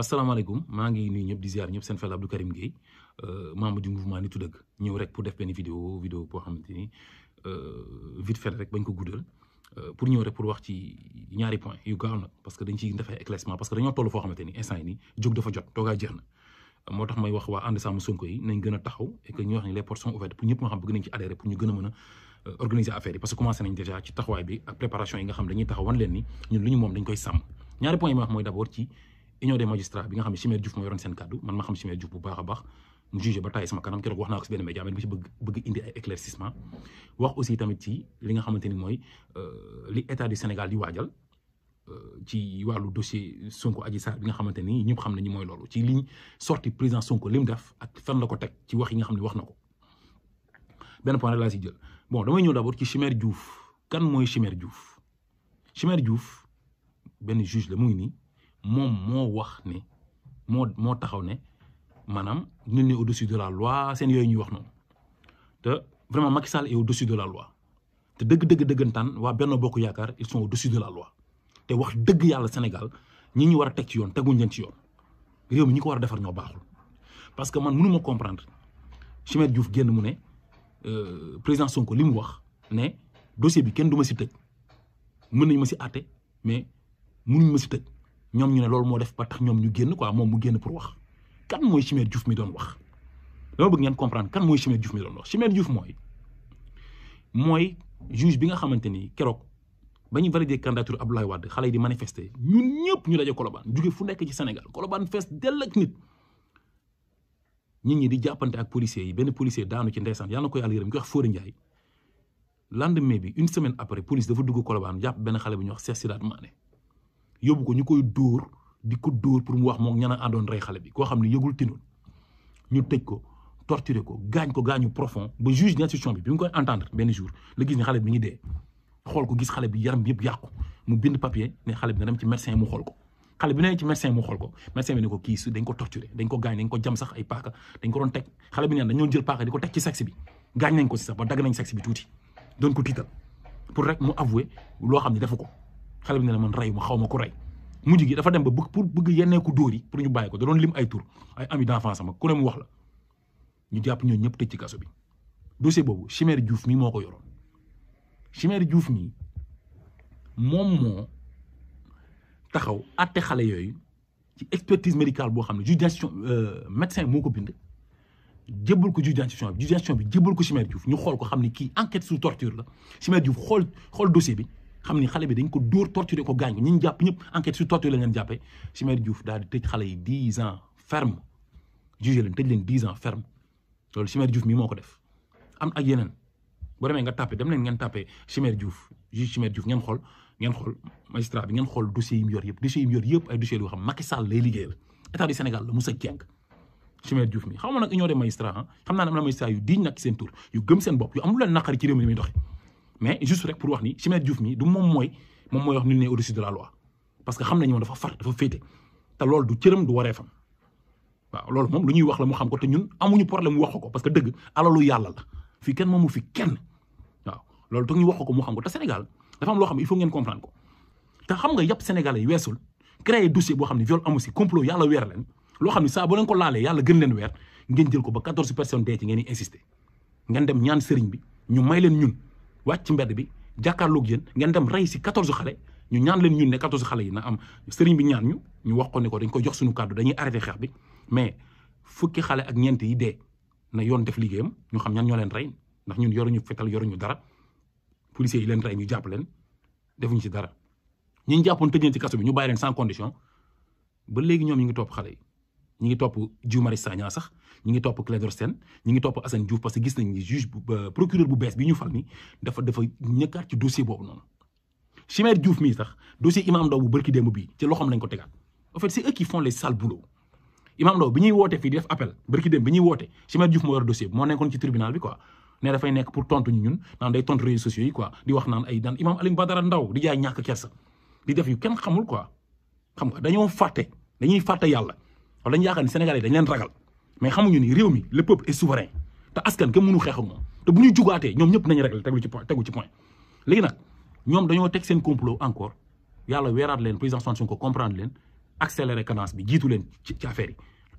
asalaamaaleykum maa ngi nuyu ñep di ziar ñep seen fel Abdou Karim Gueye euh, membre du mouvement Nittu deug ñëw rek pour def benn vidéo vidéo boo xamanteni euh vite fait rek bañ ko guddal euh, pour ñëw rek pour wax ci ñaari point yu gaaw na parce que dañ ci def ay éclaircissement parce que dañu toll fo xamanteni instant yi jog jóg dafa jot toga jeex motax may wax wa ànd sàmm Sonko yi nañ gëna taxaw et que ñu wax ni les portes sont ouvertes pour ñep nga xam bëgg nañ ci adhérer pour ñu gëna mëna euh, organiser affaire yi parce que commencé nañ déjà ci taxawaay bi ak préparation yi nga xam dañuy taxaw wan leen ni ñun luñu mom dañ koy sam ñaari point yi ma wax moy d'abord ci union des magistrats bi nga xam ne Chimère Diouf mo yoron sen cadeau man ma xam Chimère Diouf bu baaxa baax mu jugé ba taay sama kanam keroog waxna ko ci ben média mais dama ci bëgg bëgg indi ay éclaircissement wax aussi tamit ci li nga xamanteni moy euh li état du Sénégal di waajal euh, ci walu dossier Sonko Adji Sarr bi nga xamanteni ni ñëpp xam nañu moy lolu ci liñ sortie président Sonko lim def ak fan la ko teg ci wax yi nga xamni ne wax na ko point la ci jël bon damay ñëw d'abord ci Chimère Diouf kan moy Chimère Diouf Chimère Diouf ben juge la mu ngi nii mom mo wax ne mo mo taxaw ne manam nul n'est au-dessus de la loi seen yoy ni wax non te vraiment Macky Sall est au-dessus de la loi te deug deug deugantan wa Benno Bokk Yaakaar ils sont au-dessus de la loi te wax deug yalla Sénégal ñi ñu wara a teg ci yoon teguñ leen ci yoon réew mi ñi ko wara a defar ñoo parce que man mënu ma comprendre Chimère Diouf génn mu ne euh, président Sonko limu wax ne dossier bi kenn duma ma si tëj mën ma si até mais mënuñu ma si tej ñoom ñu ne loolu moo def ba tax ñoom ñu génn quoi moom mu génn pour wax kan mooy Chimère Diouf mi doon wax dama bëgg ngeen comprendre kan mooy Chimère Diouf mi doon wax Chimère Diouf mooy mooy juge bi nga xamante ni keroog ba ñu valider candidature Abdoulaye Wade xale yi di manifester ñun ñëpp ñu daje Colobane jóge fu nekk ci Sénégal Colobane fees dell ak nit nit ñi di jàppante ak policiers yi benn policier daanu ci ndeysaan yàlla na ko yàlla yërëm ko wax Fodé Ndiaye lendemain bi une semaine après police dafa dugg yóbbu ko ñu koy dóor di ko dóor pour mu wax moom ñana àndoon ray xalé bi ko xamni yegul tinul ñu tejj ko torturer ko gañ ko gañu profond ba juge d'instruction bi bi mu koy entendre benn jour le gis ni xalé bi ngi dé xol ko gis xalé bi yaram yeb yëpp mu bind papier né xalé bi na dem ci médecin mu xol ko xalé bi né ci médecin mu xol ko médecin bi ne ko ki su dañ ko torturer dañ ko gañ dañ ko jam sax ay paaka dañ ko don tek xalé bi neen dañoo jël paaka diko tek ci sexe bi gañ nañ ko ci sax ba dag nañ sexe bi touti don ko tiital pour rek mu avouer lo xamni ne ko xale bi ne la man ray ma xawma ku ray mujj gi dafa dem ba bëgg pour bëgg ku dóor yi pour ñu bayiko da doon lim ay tour ay ami d'enfance sama ku ne mu wax la ñu jàpp ñoo ñëpp tecc ci kasso bi dossier bobu Chimère Diouf mi moko yoro Chimère Diouf mi mom mo taxaw àtte xale yoy ci expertise médicale bo xamné judiation euh médecin moko bind djebul ko judiation bi judiation bi djebul ko Chimère Diouf ñu xol ko xamné ki enquête sur torture la Chimère Diouf xol xol dossier bi xam ni xale bi dañ ko door torturé ko gaañ ko ñi ñu jàpp ñëpp enquête su torture la ngeen jàppee Chimère Diouf daal di tëj xale yi dix ans ferme jugé leen tëj leen dix ans ferme loolu Chimère Diouf moo ko def am ak yeneen boo demee nga tàppe dem leen ngeen tàppe Chimère Diouf juge Chimère Diouf ngeen xool ngeen xool magistrat bi ngeen xool dossier yi mu yor yëpp dossier yi mu yor yëpp ay dossier yoo xam Macky Sall lay liggéeyal état du Sénégal la Moussa ah. xam naa ne am na magistrat yu diñ nag seen tur yu gëm seen bopp yu am lu leen naqari ci réew mi ni muy doxee mais juste rek pour wax ni chimène Diouf mi du mom moy mom moy wax nul né au-dessus de la loi parce que xam nañ dafa far dafa fété te lool du cëram du wareefam wa lool mom lu ñuy wax la mu xam ko té ñun amuñu problème mu wax ko parce que dëgg alalu yàlla la fi kenn momu fi kenn wa lool toog ñu wax ko mu xam ko té Sénégal dafa am lo xam il faut ngeen comprendre ko té xam nga yapp Sénégalais yi weesul créer dossier bo xamni viol amu ci complot yalla wër leen lo xamni ne bo boo leen ko laalee yalla gën leen wër ngeen jël ko ba 14 personnes dee ci ngeen insister ngeen dem ñaan sëriñ bi ñu may leen ñun wacc ci mbedd bi jàkkaarloog yéen ngeen dem rey si 14 xale ñu ñaan leen ñun ne 14 xale yi na am sëriñ bi ñaan ñu ñu wax ko ne ko dañ ko jox suñu kàddu dañuy arrêté xeex bi mais fukki xale ak ñeent yi dee na yoon def liggéeyam ñu xam ñan ñoo leen rey ndax ñun yoruñu fetal yoruñu dara policiers yi leen rey ñu jàpp leen defuñu ci dara ñi ñu jàppoon tëj ci kaso bi ñu bàyyi leen sans condition ba léegi ñoom ñu ngi topp xale yi ñi ngi topp Guy Marius Sagna sax ñi ngi topp Clédor ñi ngi topp Assane Diouf parce que gis nañ ni juge procureur bu bees bi ñu fal ni dafa dafa ñëkkaat ci dossier boobu noonu Chimère Diouf mii sax dossier Imam Ndao bu bërki démb bii ci loxoom lañ ko tegaat en fait c'est eux qui font bi ñuy woote fii di def appel bërki démb bi ñuy woote Chimère Diouf moo yor dossier bi moo nekkoon ci tribunal bi quoi ne dafay nekk pour tontu ñu ñun naan day tontu réseaux sociaux yi quoi di wax naan ay daan Imam Alioune Badara Ndao di di xam nga dañoo fàtte dañuy fàtte yàlla que les Sénégalais dañ leen mais ils ni réew le peuple est souverain les askan pas mënu ils ñëpp nañu Ils ne ci point ci point complot encore yàlla weeraat leen président comprendre accélérer cadence bi jitu leen ci affaire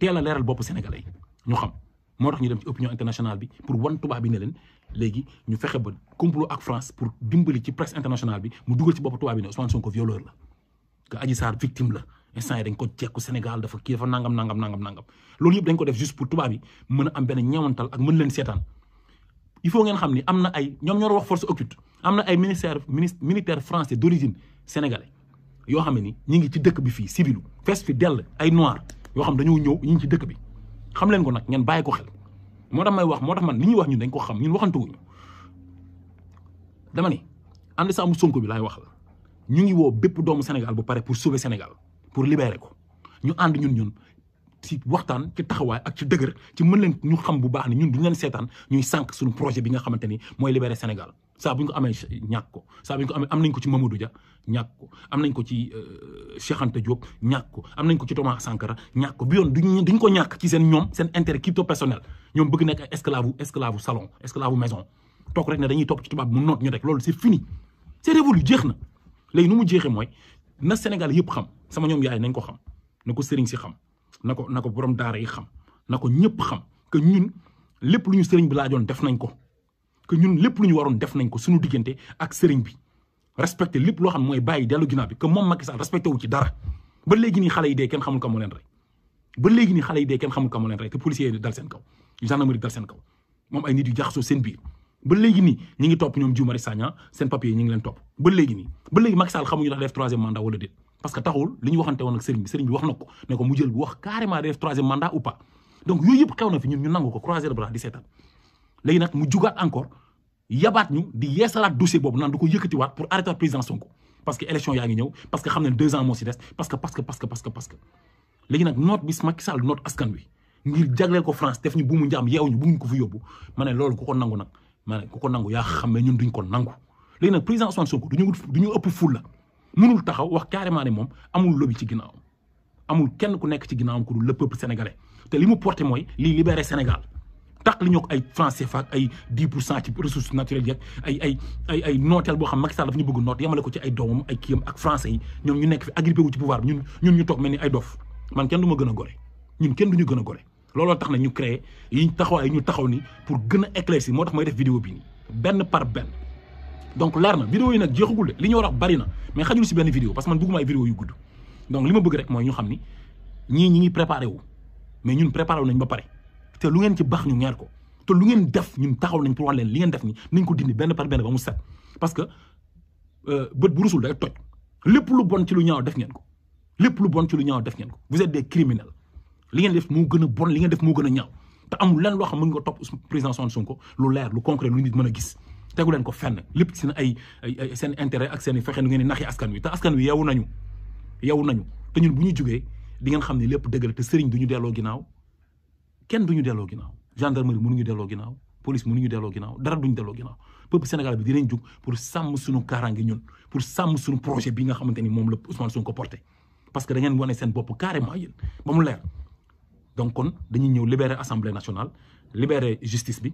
yi ne sont pas sénégalais ñu xam ñu dem ci internationale bi pour wan tuba bi ne ñu complot ak France pour dimbali ci presse internationale bi mu duggal ci bop tuba bi ne Ousmane violeur la victime la instant yi dañ ko jekku Sénégal dafa kii dafa nangam nangam nangam nangam loolu yëpp dañ ko def juste pour tubaab yi mën a am benn ñewantal ak mën leen seetaan il faut ngeen xam ni ay ñoom ñoo wax force occulte am ay ministère militaire français d' origine sénégalais yoo xam ni ñi ngi ci dëkk bi fii civilu fees fi dell ay noir yoo xam dañoo ñëw ñi ngi ci dëkk bi xam leen ko nag ngeen bàyyi ko xel moo tax may wax moo tax man li ñuy wax ñun dañ ko xam ñun waxantuwuñu dama ni sa Sonko bi laay waxal ñu ngi woo bépp doomu Sénégal bu pare pour sauver Sénégal pour libérer ko ñu ànd ñun ñun si waxtaan ci taxawaay ak ci dëgër ci mën leen ñu xam bu baax ne ñun du leen seetaan ñuy sànq suñu projet bi nga xamante ni mooy libérer Sénégal saa bu ñu ko amee ñàkk ko saa bu ñu ko amee am nañ ko ci Mamadou Dia ñàkk ko am nañ ko ci euh, Cheikh Anta Diop ñàkk ko am nañ ko ci Thomas Sankara ñàkk ko bi yoon duñ duñ ko ñàkk ci seen ñoom seen intérêt crypto personnel ñoom bëgg na ay esclave esclave salon esclave maison toog rek ne dañuy topp ci tubaab mu noot ñu rek loolu c'est fini c'est révolu jeex na léegi nu mu jeexee mooy na Sénégal yëpp xam sama ñoom yaay nañ ko xam na ko sëriñ si xam na ko na ko borom daara yi xam na ko ñëpp xam que ñun lépp lu ñu sëriñ bi laajoon def nañ ko que ñun lépp lu ñu waroon def nañ ko suñu diggante ak sëriñ bi respecté lépp loo xam mooy bàyyi dellu ginnaaw bi que moom Macky Sall respecté wu ci dara ba léegi nii xale yi dee kenn xamul ka moo leen rey ba léegi nii xale yi dee kenn xamul ka moo leen rey te policiers yi dal seen kaw gendarmerie dal seen kaw moom ay nit yu jaxasoo seen biir ba léegi nii ñi ngi topp ñoom Guy Marius Sagna seen ngi leen topp ba léegi nii ba léegi Macky Sall xamuñu ndax def parce que taxul li waxanté won ak sëriñ bi sëriñ bi waxnako né ko mu jël bu wax carrément def troisième mandat ou pas donc yooyu yëpp xew fi ñun ñu nangu ko croiser le bras di sétal légui nak mu jugat encore yabat ñu di yéssalat dossier bobu nan du ko yëkkatiwaat pour arrêter président Sonko parce que élection yaa ngi ñëw parce que xam 2 ans mo ci des parce que parce que parce que parce que parce que légui nak note bis Macky Sall note askan wi ngir jagleel ko France def ñu bu mu njaam yeew ñu bu ñu ko fu yobbu mané lool ku ko nangu nak mané ku ko nangu ya xam ñun duñ ko nangu légui nak président Ousmane Sonko duñu duñu ëpp fulla mënul taxaw wax carrément ne mom amul lobby ci ginnaawam amul kenn ku nekk ci ginnaawam ku dul le peuple sénégalais té limu porter moy li libérer Sénégal tak li ñoo ko ay français CFA ay 10 ci ressources naturelles yi ay ay ay ay nooteel boo xam Macky Sall daf ñu bëgg noot yemale ko ci ay domum ay kiyam ak français ñom ñu nekk fi agrippé wu ci pouvoir ñun ñun ñu tok melni ay dof man kenn duma gëna goré ñun kenn duñu gëna goré a gore looloo tax na ñu créé yi taxawaay ñu taxaw ni pour gëna a éclaircir moo may def vidéo bi nii benn par benn donc leer vidéo yi nak jeexagul li ñu wax bari na mais xajul ci benn vidéo parce que man bëgguma ay vidéo yu gudd donc li ma bëgg rek moy ñu xamni ni ñi ngi préparé wu mais ñun préparé wu nañ ba paré té lu ngeen ci bax ñu ñaar ko té lu ngeen def ñun taxaw nañ pour wax leen li ngeen def ni nañ ko dindi benn par benn ba mu set parce que euh, bët bu rusul day toj lepp lu bon ci lu ñaaw def ngeen ko lepp lu bon ci lu ñaaw def ngeen ko vous êtes des criminels li ngeen def mo gën bon li ngeen def mo gën ñaaw te amul lan lo xam mëng nga top président Sonko lu leer lu concret lu nit mëna gis tegu leen ko fenn lépp seen ay ay seen intérêt ak seen i fexe nu ngeen di naxi askan wi te askan wi yeewu nañu yeewu nañu te ñun bu ñu jugee di ngeen xam ne lépp dëgg te sëriñ du ñu delloo ginnaaw kenn du ñu delloo ginnaaw gendarmerie ñu delloo ginaaw police mënuñu delloo ginnaaw dara duñu delloo ginnaaw peuple Sénégal bi dinañ jug pour sàmm suñu kaaraange ñun pour sàmm suñu projet bi nga xamante ni moom la Ousmane ko porté parce que da ngeen wane seen bopp carrément yéen ba mu kon dañuy ñëw libérer assemblée nationale libérer justice bi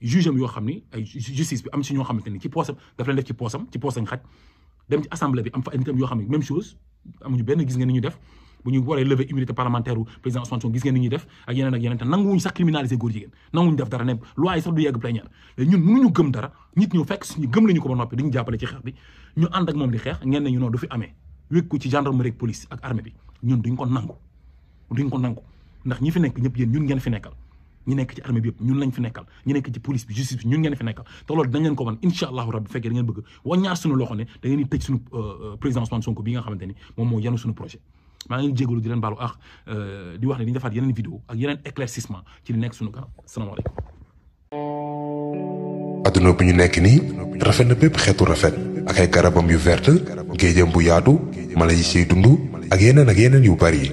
juge am yoo ay justice bi am ci ñoo xamanteni ci poosam daf leen def ci poosam ci poosam xaj dem ci assemblée bi am fa ay yo xamni même chose amuñu benn gis ngeen ni ñu def bu ñu waré lever immunité parlementaire u président Ousmane Sonko gis ngeen ni ñuy def ak yeneen ak yeneen te nanguwuñ sax criminaliser góor jigéen nanguwuñ def dara ne loi yi sax du yegg plénière ñun mënuñu gëm dara nit ñu fekk suñu gëm lañu ko ba noppi diñu jappalé ci xex bi ñu and ak mom di xex ngeen ñu noonu du fi amee wékku ci gendarmerie police ak armée bi ñun duñ ko nangu duñ ko nangu ndax ñi fi nekk ñëpp yéen ñun ngeen fi nekkal ñu nekk ci armée bi yëpp ñun lañ fi nekkal ñu nekk ci police bi justice bi ñun ngeen fi nekkal te loolu dañ leen ko wan incha allahu rabbi fekkee da ngeen bëgg waññaar suñu loxo ne da ngeen tëj suñu euh, euh, président Ousmane bi nga xamante ni moom moo yanu suñu projet maa ngi leen jégalu di leen baalu ak euh, di wax ne di ñu defaat yeneen vidéo ak yeneen éclaircissement ci li nekk suñu kanam salaamaaleykum adduna bu ñu nekk nii rafet na bépp xeetu rafet ak ay garabam yu verte géejam bu yaatu mala yi siy dund ak yeneen ak yeneen yu bari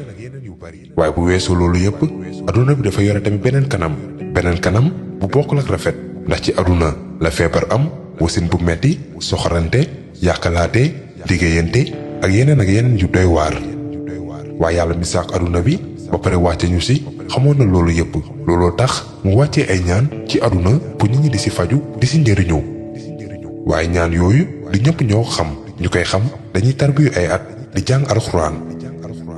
waye bu wessu lolou yep aduna bi dafa yore tam benen kanam benen kanam bu bokk lak rafet ndax ci aduna la feebar am wasin bu metti soxorante yakalaté digeyenté ak yenen ak yenen yu doy war wa yalla mi aduna bi ba pare wàcce ñu ci xamoon lolou yep lolou tax mu wàccee ay ñaan ci aduna bu nit ñi di ci faju di si ñew waye ñaan yoyu di ñep ñoo xam ñukay xam dañuy tarbiyu ay at di jang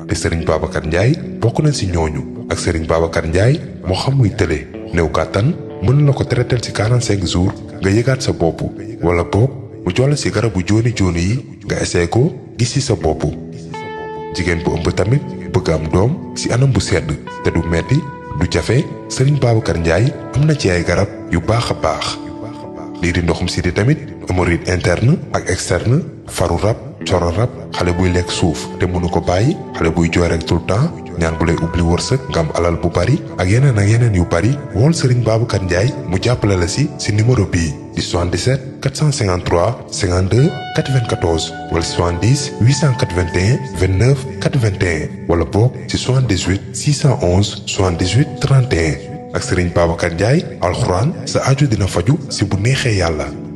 te sëriñ Babacar Ndiaye bokk na ci ñooñu ak sëriñ Babacar Ndiaye mo xam muy tële néew kàttan mën na ko traiter ci 45 jours nga yëgaat sa bopp wala boog mu jolla si garabu jooni jooni yi nga essayé ko gis ci sa bopp jigen bu ëmb tamit bëgg am doom si anam bu sedd te du metti du jafé sëriñ Babacar Ndiaye amna ci ay garab yu baaxa baax li di ndoxum sidi tamit hémorroïde interne ak externe faru rap coro rab xale buy lekk suuf te mënu ko bàyyi xale buy jooy rek tout le temps ñaan bu lay ubbi wërsëg nga am alal bu bari ak yeneen ak yeneen yu bari wool Serigne Babacar njaay mu jàppale la si si numéro bii di 77 453 52 94 wala 70 881 29 81 wala boog si 78 611 78 31 ak Serigne Babacar Ndiaye alxuraan sa aju dina faju si bu neexee yàlla.